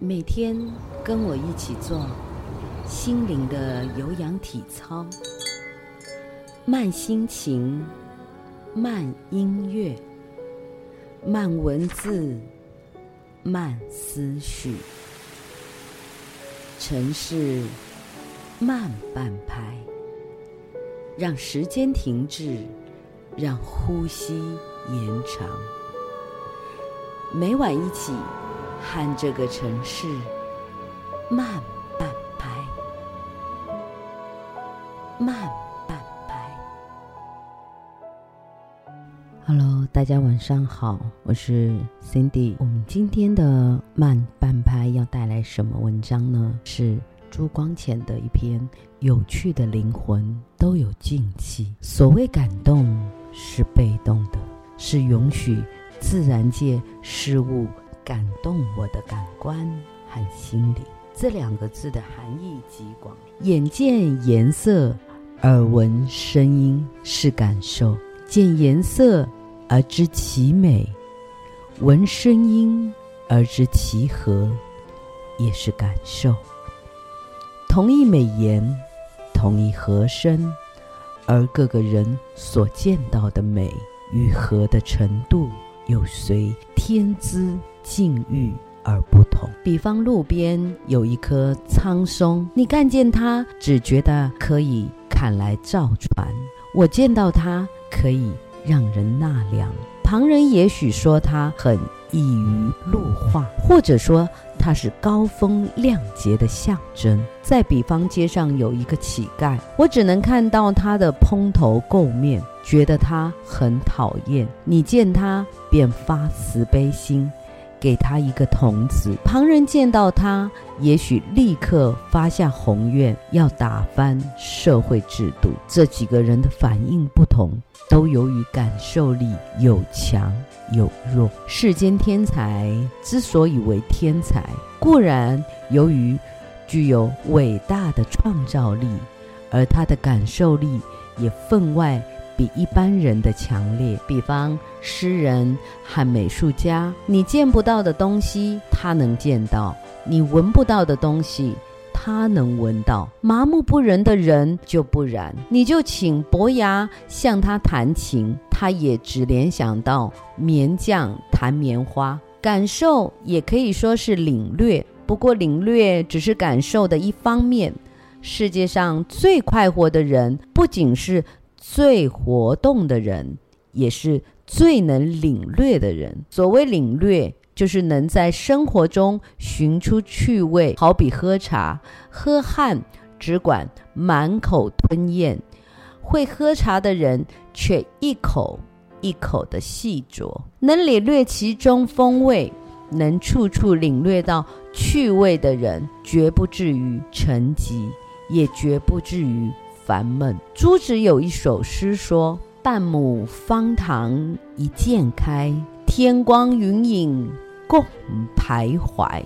每天跟我一起做心靈的有氧體操，慢心情，慢音樂，慢文字，慢思緒，城市慢半拍，讓時間停滯，讓呼吸延長。每晚一起。和這個城市，慢半拍，慢半拍。Hello，大家晚上好，我是 Cindy。我們今天的慢半拍要帶來什麼文章呢？是朱光潛的一篇《有趣的靈魂都有靜氣》。所謂感動，是被動的，是允許自然界事物。感動我的感官和心靈，這兩個字的含義極廣。眼見顏色，耳聞聲音是感受；見顏色而知其美，聞聲音而知其和，也是感受。同一美顏，同一和聲，而各個人所見到的美與和的程度，又隨天資。境遇而不同。比方，路邊有一棵蒼松，你看見它只覺得可以砍來造船；我見到它可以讓人納涼。旁人也許說它很易於入畫，或者說它是高風亮節的象徵。再比方街上有一個乞丐，我只能看到他的蓬頭垢面，覺得他很討厭；你見他便發慈悲心。給他一個童子，旁人見到他，也許立刻發下宏願，要打翻社會制度。這幾個人的反應不同，都由於感受力有強有弱。世間天才之所以為天才，固然由於具有偉大的創造力，而他的感受力也分外，比一般人的強烈，比方詩人和美術家，你見不到的東西他能見到，你聞不到的東西他能聞到。麻木不仁的人就不然，你就請伯牙向他彈琴，他也只聯想到棉匠彈棉花。感受也可以說是領略，不過領略只是感受的一方面。世界上最快活的人不僅是，最活動的人，也是最能領略的人。所謂領略，就是能在生活中尋出趣味。好比喝茶，渴漢只管滿口吞咽，會喝茶的人卻一口一口的細酌，能領略其中風味，能處處領略到趣味的人，絕不至於沉寂，也絕不至於。煩悶。朱子有一首詩說：“半畝方塘一鑑開，天光雲影共徘徊。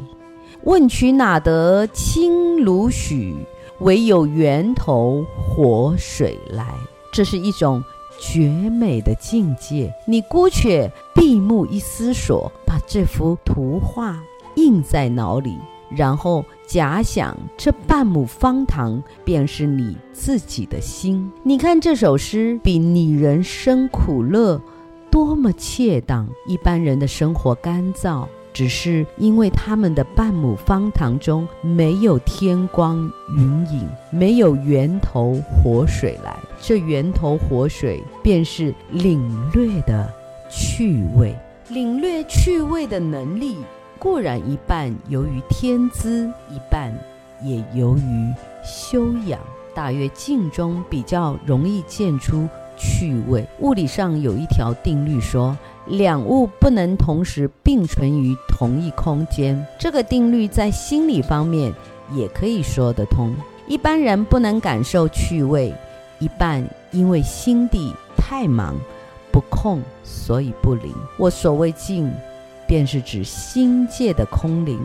問渠哪得清如許？唯有源頭活水來。”這是一種絕美的境界。你姑且閉目一思索，把這幅圖畫印在腦裡，然後。假想這半畝方塘便是你自己的心。你看這首詩，比擬人生苦樂，多麼切當！一般人的生活乾燥，只是因為他們的半畝方塘中沒有天光雲影，沒有源頭活水來。這源頭活水，便是領略的趣味，領略趣味的能力。固然一半由於天資，一半也由於修養。大約靜中比較容易見出趣味。物理上有一條定律說，兩物不能同時並存於同一空間。這個定律在心理方面也可以說得通。一般人不能感受趣味，一半因為心地太忙，不空所以不靈。我所謂靜。便是指心界的空靈，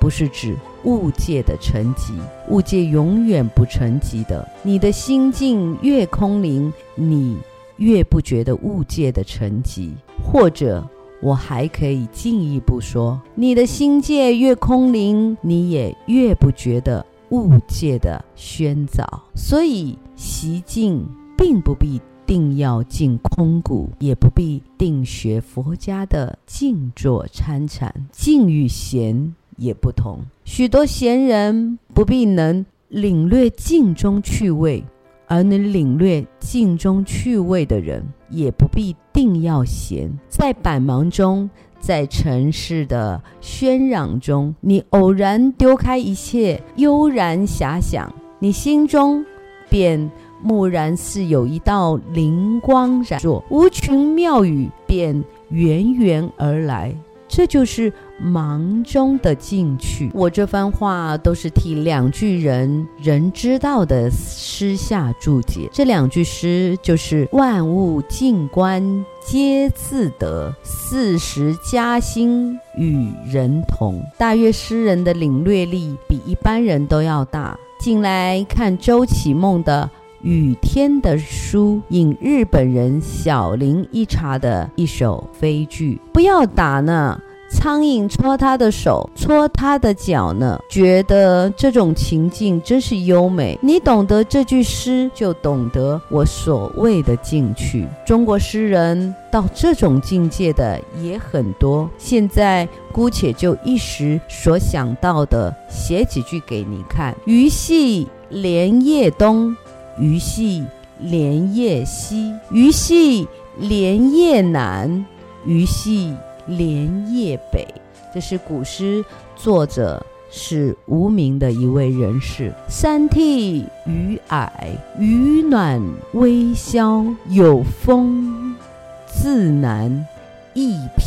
不是指物界的沉寂，物界永遠不沉寂的。你的心境越空靈，你越不覺得物界的沉寂，或者，我還可以進一步說，你的心界越空靈，你也越不覺得物界的喧噪。所以，習靜並不必。定要進空谷，也不必定學佛家的靜坐參禪。靜與閒也不同，許多閒人不必能領略靜中趣味，而能領略靜中趣味的人，也不必定要閒。在百忙中，在塵世的喧嚷中，你偶然丟開一切，悠然遐想，你心中便。驀然似有一道靈光閃爍，無窮妙語便源源而來。這就是忙中的進去。我這番話都是替兩句人人知道的詩下注解。這兩句詩就是“萬物靜觀皆自得，四時佳興與人同”。大約詩人的領略力比一般人都要大。近來看周啟孟的雨天的書，引日本人小林一茶的一首俳句不要打呢，蒼蠅戳他的手，戳他的腳呢，覺得這種情境，真是優美。”你懂得這句詩，就懂得我所謂的進去。中國詩人到這種境界的也很多。現在姑且就一時所想到的，寫幾句給你看：“魚戲蓮葉東。”魚戲蓮葉西，魚戲蓮葉南，魚戲蓮葉北。這是古詩，作者是無名的一位人士。山滌餘靄，宇曖微霄，有風自南，翼彼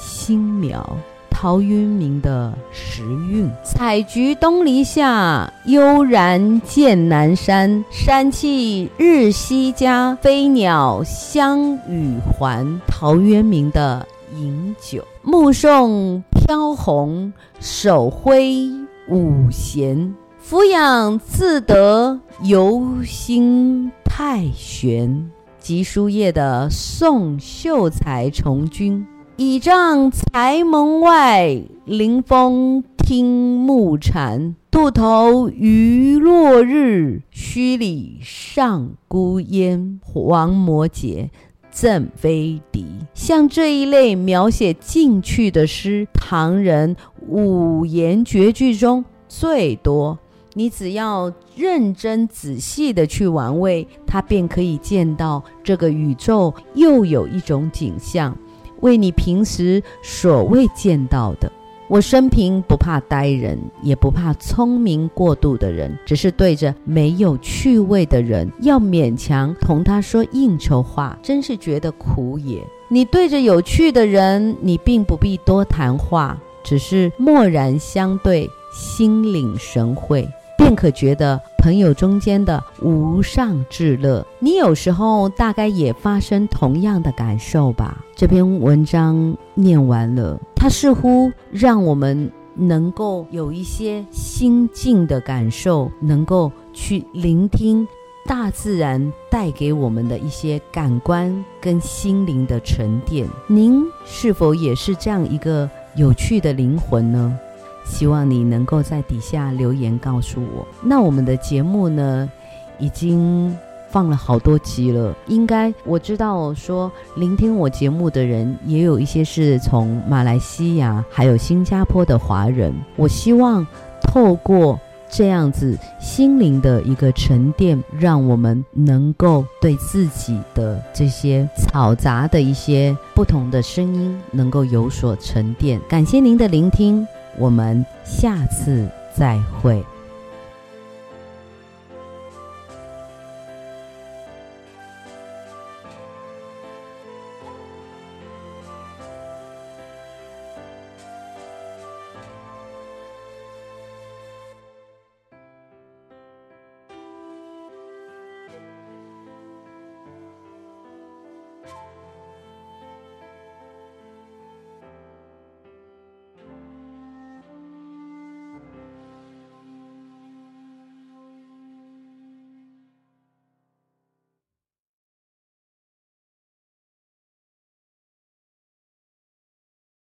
新苗。陶淵明的《時運》：“采菊東籬下，悠然見南山。山氣日夕佳，飛鳥相與還。”陶淵明的《飲酒》：“目送飄鴻，手揮五弦，俯仰自得，游心太玄。”嵇叔夜的《送秀才從軍》。倚杖柴門外，臨風聽暮蟬。渡頭餘落日，墟里上孤煙。王摩詰，贈裴迪。像這一類描寫靜趣的詩，唐人五言絕句中最多。你只要認真仔細的去玩味，他便可以見到這個宇宙又有一種景象。為你平時所未見到的。我生平不怕呆人，也不怕聰明過度的人，只是對着沒有趣味的人，要勉強同他說應酬話，真是覺得苦也。你對着有趣的人，你並不必多談話，只是默然相對，心領神會，便可覺得。朋友中間的無上至樂，你有時候大概也發生同樣的感受吧？這篇文章念完了，它似乎讓我們能夠有一些心境的感受，能夠去聆聽大自然帶給我們的一些感官跟心靈的沉澱。您是否也是這樣一個有趣的靈魂呢？希望你能夠在底下留言告訴我。那我們的節目呢，已經放了好多集了。應該我知道說，聆聽我節目的人，也有一些是從馬來西亞還有新加坡的華人。我希望透過這樣子心靈的一個沉澱，讓我們能夠對自己的這些嘈雜的一些不同的聲音，能夠有所沉澱。感謝您的聆聽。我們下次再會。